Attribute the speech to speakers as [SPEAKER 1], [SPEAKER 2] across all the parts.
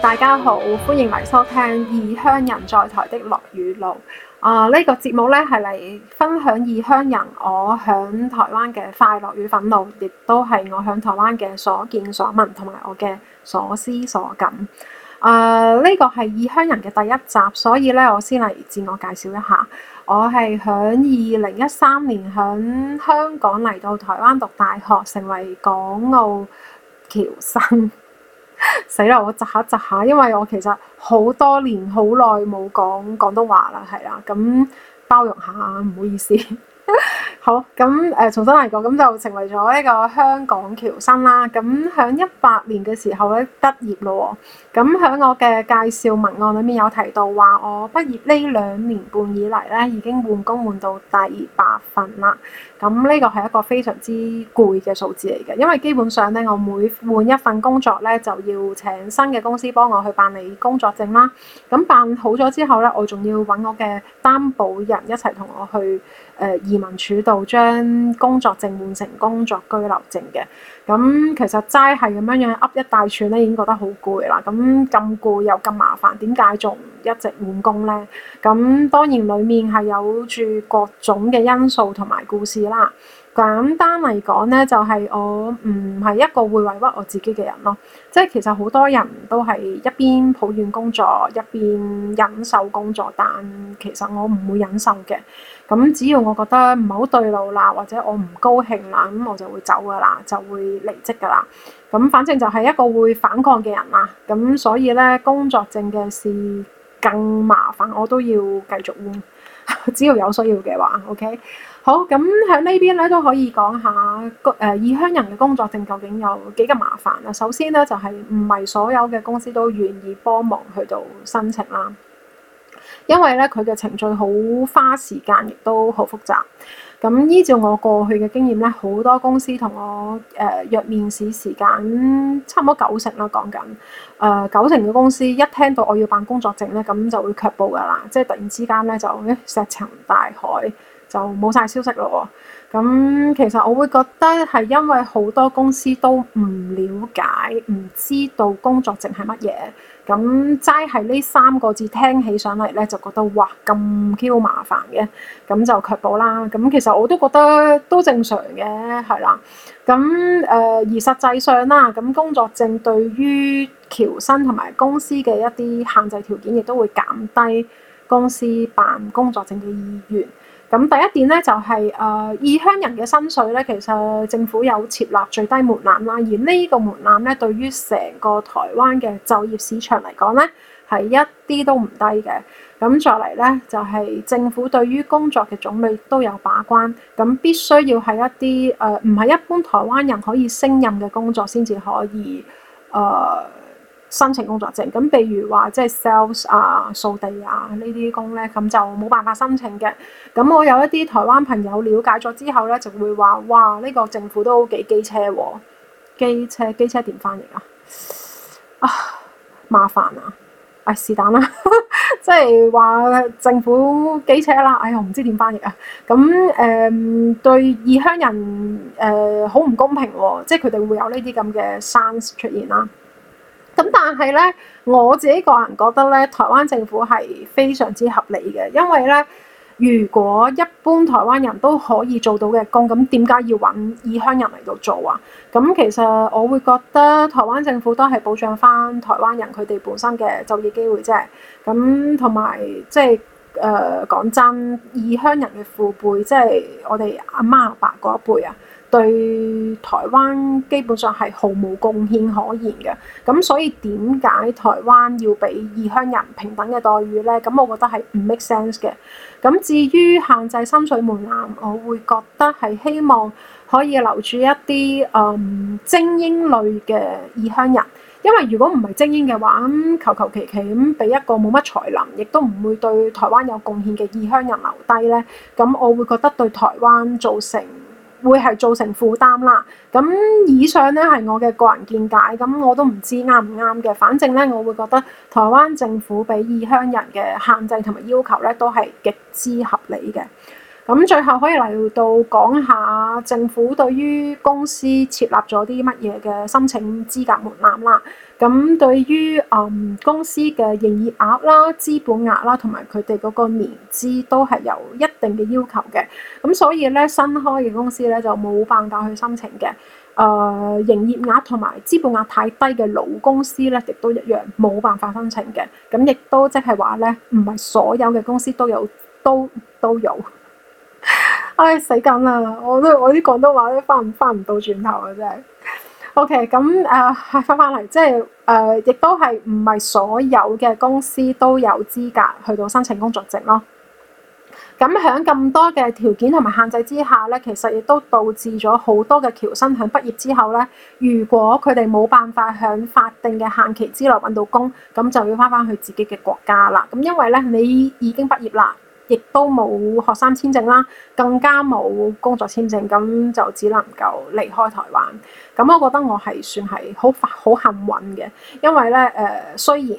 [SPEAKER 1] 大家好，歡迎嚟收聽《異鄉人在台的樂與怒》。啊、呃，呢、呢個節目呢係嚟分享異鄉人我響台灣嘅快樂與憤怒，亦都係我響台灣嘅所見所聞同埋我嘅所思所感。啊、呃，呢、呢個係異鄉人嘅第一集，所以呢，我先嚟自我介紹一下，我係響二零一三年響香港嚟到台灣讀大學，成為港澳僑生。死啦！我窒下窒下，因為我其實好多年好耐冇講廣東話啦，係啦，咁包容下，唔好意思。 好咁，誒、呃，重新嚟過，咁就成為咗呢個香港僑生啦。咁喺一八年嘅時候咧畢業咯喎。咁喺我嘅介紹文案裏面有提到話，我畢業呢兩年半以嚟咧已經換工換到第八份啦。咁呢個係一個非常之攰嘅數字嚟嘅，因為基本上咧我每換一份工作咧就要請新嘅公司幫我去辦理工作證啦。咁辦好咗之後咧，我仲要揾我嘅擔保人一齊同我去誒、呃、移民署度。將工作證換成工作居留證嘅，咁其實齋係咁樣樣噏一大串咧，已經覺得好攰啦。咁咁攰又咁麻煩，點解仲一直換工呢？咁當然裡面係有住各種嘅因素同埋故事啦。簡單嚟講呢，就係我唔係一個會委屈我自己嘅人咯。即係其實好多人都係一邊抱怨工作一邊忍受工作，但其實我唔會忍受嘅。咁只要我覺得唔係好對路啦，或者我唔高興啦，咁我就會走噶啦，就會離職噶啦。咁反正就係一個會反抗嘅人啦。咁所以咧，工作證嘅事更麻煩，我都要繼續換。只要有需要嘅話，OK。好，咁喺呢邊咧都可以講下，誒，異鄉人嘅工作證究竟有幾咁麻煩啊？首先咧就係唔係所有嘅公司都願意幫忙去到申請啦。因為咧，佢嘅程序好花時間，亦都好複雜。咁依照我過去嘅經驗咧，好多公司同我誒、呃、約面試時間差唔多九成啦，講緊誒九成嘅公司一聽到我要辦工作證咧，咁就會卻步㗎啦。即係突然之間咧，就石沉大海，就冇晒消息咯喎。咁其實我會覺得係因為好多公司都唔了解、唔知道工作證係乜嘢，咁齋係呢三個字聽起上嚟咧就覺得哇咁鬼麻煩嘅，咁就卻步啦。咁其實我都覺得都正常嘅，係啦。咁誒而實際上啦，咁工作證對於僑生同埋公司嘅一啲限制條件亦都會減低。公司辦工作證嘅意願，咁第一點咧就係誒異鄉人嘅薪水咧，其實政府有設立最低門檻啦，而呢個門檻咧對於成個台灣嘅就業市場嚟講咧係一啲都唔低嘅。咁再嚟咧就係、是、政府對於工作嘅種類都有把關，咁必須要係一啲誒唔係一般台灣人可以升任嘅工作先至可以誒，呃申請工作證，咁譬如話即係 sales 啊、掃地啊呢啲工呢，咁就冇辦法申請嘅。咁我有一啲台灣朋友了解咗之後呢，就會話：哇，呢、這個政府都幾機車喎！機車機車點翻譯啊？啊，麻煩啊！啊、哎、 是但啦，即係話政府機車啦。哎呀，我唔知點翻譯啊。咁誒、呃、對異鄉人誒好唔公平喎！即係佢哋會有呢啲咁嘅 sense 出現啦。咁但係咧，我自己個人覺得咧，台灣政府係非常之合理嘅，因為咧，如果一般台灣人都可以做到嘅工，咁點解要揾異鄉人嚟到做啊？咁其實我會覺得台灣政府都係保障翻台灣人佢哋本身嘅就業機會啫。咁同埋即係誒講真，異鄉人嘅父輩，即係我哋阿媽阿爸嗰一輩啊，對台灣基本上係毫無貢獻可言嘅，咁所以點解台灣要俾異鄉人平等嘅待遇呢？咁我覺得係唔 make sense 嘅。咁至於限制深水門檻，我會覺得係希望可以留住一啲誒精英類嘅異鄉人，因為如果唔係精英嘅話，咁求求其其咁俾一個冇乜才能，亦都唔會對台灣有貢獻嘅異鄉人留低呢，咁我會覺得對台灣造成會係造成負擔啦，咁以上咧係我嘅個人見解，咁我都唔知啱唔啱嘅，反正咧我會覺得台灣政府俾異鄉人嘅限制同埋要求咧都係極之合理嘅。咁最後可以嚟到講下政府對於公司設立咗啲乜嘢嘅申請資格門檻啦。咁對於誒、嗯、公司嘅營業額啦、資本額啦，同埋佢哋嗰個年資都係有一定嘅要求嘅。咁所以咧新開嘅公司咧就冇辦法去申請嘅。誒、呃、營業額同埋資本額太低嘅老公司咧，亦都一樣冇辦法申請嘅。咁亦都即係話咧，唔係所有嘅公司都有都都有。唉、哎，死緊啦！我都我啲廣東話都翻唔翻唔到轉頭嘅啫。OK，咁誒翻翻嚟，即係誒、呃、亦都係唔係所有嘅公司都有資格去到申請工作證咯。咁響咁多嘅條件同埋限制之下咧，其實亦都導致咗好多嘅僑生響畢業之後咧，如果佢哋冇辦法響法定嘅限期之內揾到工，咁就要翻返去自己嘅國家啦。咁因為咧，你已經畢業啦。亦都冇學生簽證啦，更加冇工作簽證，咁就只能夠離開台灣。咁我覺得我係算係好好幸運嘅，因為呢，誒、呃，雖然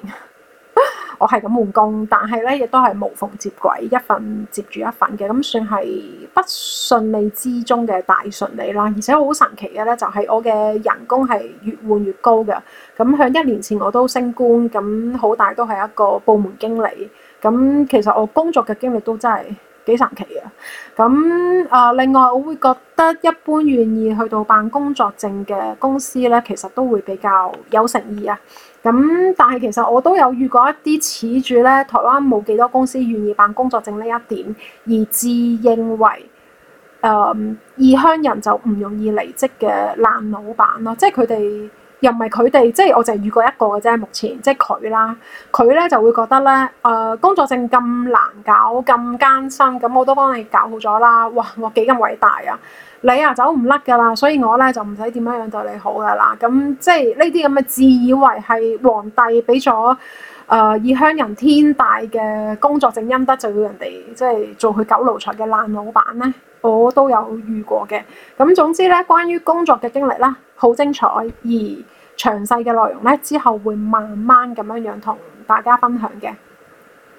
[SPEAKER 1] 我係咁換工，但係呢亦都係無縫接軌，一份接住一份嘅，咁算係不順利之中嘅大順利啦。而且好神奇嘅呢，就係我嘅人工係越換越高嘅。咁響一年前我都升官，咁好大都係一個部門經理。咁其實我工作嘅經歷都真係幾神奇嘅。咁啊、呃，另外我會覺得一般願意去到辦工作證嘅公司呢，其實都會比較有誠意啊。咁但係其實我都有遇過一啲恃住呢，台灣冇幾多公司願意辦工作證呢一點，而自認為誒異鄉人就唔容易離職嘅爛老闆咯，即係佢哋。又唔係佢哋，即係我就遇過一個嘅啫。目前即係佢啦，佢呢就會覺得呢，誒、呃、工作證咁難搞咁艱辛，咁我都幫你搞好咗啦，哇！我幾咁偉大啊！你啊走唔甩㗎啦，所以我呢，就唔使點樣樣對你好㗎啦。咁即係呢啲咁嘅自以為係皇帝俾咗誒異鄉人天大嘅工作證恩德，就要人哋即係做佢狗奴才嘅爛老闆呢。我都有遇過嘅，咁總之呢，關於工作嘅經歷啦，好精彩而詳細嘅內容呢，之後會慢慢咁樣樣同大家分享嘅。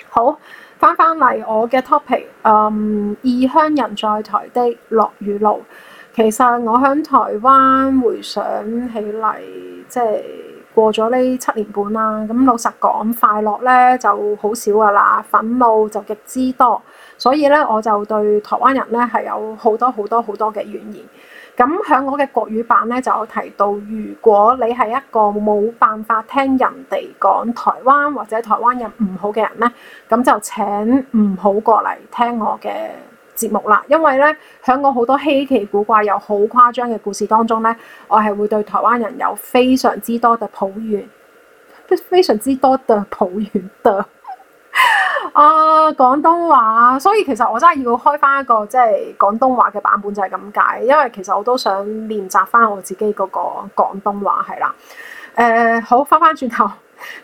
[SPEAKER 1] 好，翻返嚟我嘅 topic，嗯，異鄉人在台的樂與怒，其實我喺台灣回想起嚟，即係過咗呢七年半啦。咁老實講，快樂呢就好少噶啦，憤怒就極之多。所以咧，我就對台灣人咧係有好多好多好多嘅怨言。咁喺我嘅國語版咧，就有提到，如果你係一個冇辦法聽人哋講台灣或者台灣人唔好嘅人咧，咁就請唔好過嚟聽我嘅節目啦。因為咧，喺我好多稀奇古怪又好誇張嘅故事當中咧，我係會對台灣人有非常之多嘅抱怨，非常之多嘅抱怨嘅。啊，廣東話，所以其實我真係要開翻一個即係廣東話嘅版本，就係咁解。因為其實我都想練習翻我自己嗰個廣東話係啦。誒、呃、好，翻翻轉頭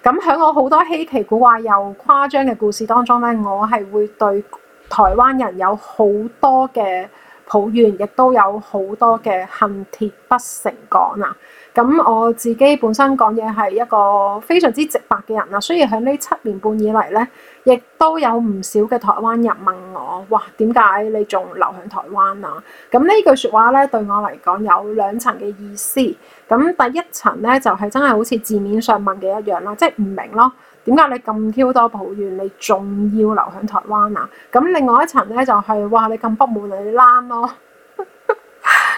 [SPEAKER 1] 咁響我好多稀奇古怪又誇張嘅故事當中呢，我係會對台灣人有好多嘅抱怨，亦都有好多嘅恨鐵不成鋼啊！咁我自己本身講嘢係一個非常之直白嘅人啦，所以喺呢七年半以嚟呢，亦都有唔少嘅台灣人問我，哇，點解你仲留喺台灣啊？咁呢句説話呢，對我嚟講有兩層嘅意思。咁第一層呢，就係真係好似字面上問嘅一樣啦，即係唔明咯，點解你咁挑多抱怨，你仲要留喺台灣啊？咁另外一層呢，就係哇，你咁不滿你攬咯。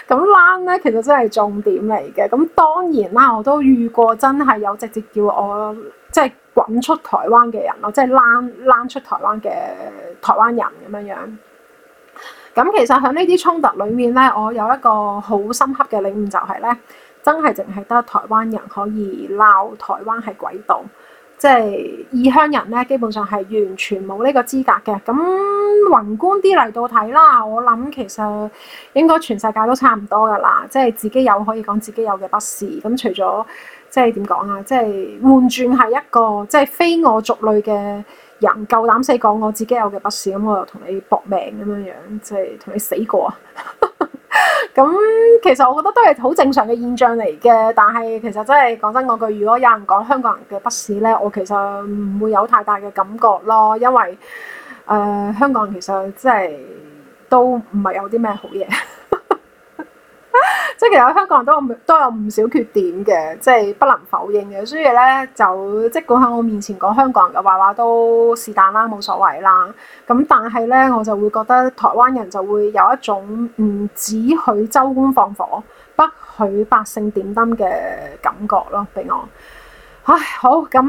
[SPEAKER 1] 咁攔咧，其實真係重點嚟嘅。咁當然啦，我都遇過真係有直接叫我即係滾出台灣嘅人咯，即係滾出台灣嘅台灣人咁樣樣。咁其實喺呢啲衝突裏面咧，我有一個好深刻嘅領悟就係、是、咧，真係淨係得台灣人可以鬧台灣係鬼島。即係異鄉人咧，基本上係完全冇呢個資格嘅。咁宏觀啲嚟到睇啦，我諗其實應該全世界都差唔多噶啦。即係自己有可以講自己有嘅不是。咁除咗即係點講啊？即係換轉係一個即係非我族類嘅人，夠膽死講我自己有嘅不是，咁我又同你搏命咁樣樣，即係同你死過。 咁其實我覺得都係好正常嘅現象嚟嘅，但係其實真係講真嗰句，如果有人講香港人嘅不是呢，我其實唔會有太大嘅感覺咯，因為誒、呃、香港人其實真係都唔係有啲咩好嘢。即係其實香港人都有唔都有唔少缺點嘅，即係不能否認嘅。所以咧就即管喺我面前講香港人嘅壞話都是但啦，冇所謂啦。咁但係咧我就會覺得台灣人就會有一種唔只許州官放火，不許百姓點燈嘅感覺咯，俾我。唉，好咁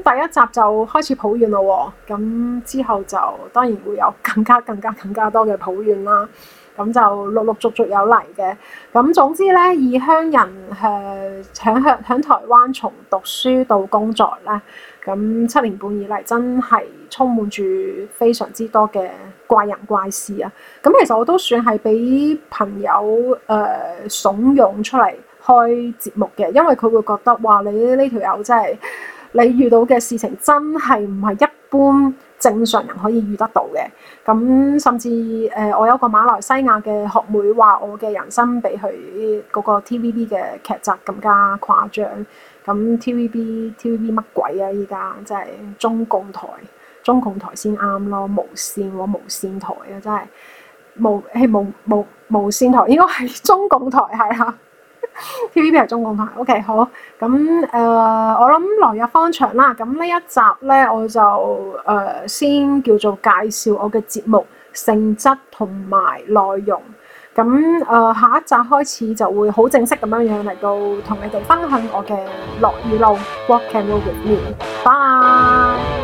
[SPEAKER 1] 第一集就開始抱怨咯喎，咁之後就當然會有更加更加更加多嘅抱怨啦。咁就陸陸續續有嚟嘅，咁總之咧，異鄉人誒響響台灣從讀書到工作咧，咁七年半以嚟真係充滿住非常之多嘅怪人怪事啊！咁其實我都算係俾朋友誒、呃、慫恿出嚟開節目嘅，因為佢會覺得哇，你呢條友真係你遇到嘅事情真係唔係一般。正常人可以遇得到嘅，咁甚至誒、呃，我有個馬來西亞嘅學妹話我嘅人生比佢嗰個 TVB 嘅劇集更加誇張。咁 TVB TVB 乜鬼啊？依家真係中共台，中共台先啱咯，無線喎，無線台啊，真係無無無無無線台，應該係中共台係啦。T.V.B 係中共台，O.K. 好，咁誒、呃、我諗來日方長啦，咁呢一集呢，我就誒、呃、先叫做介紹我嘅節目性質同埋內容，咁誒、呃、下一集開始就會好正式咁樣樣嚟到同你哋分享我嘅樂與怒，Rock and roll with me！拜。 Bye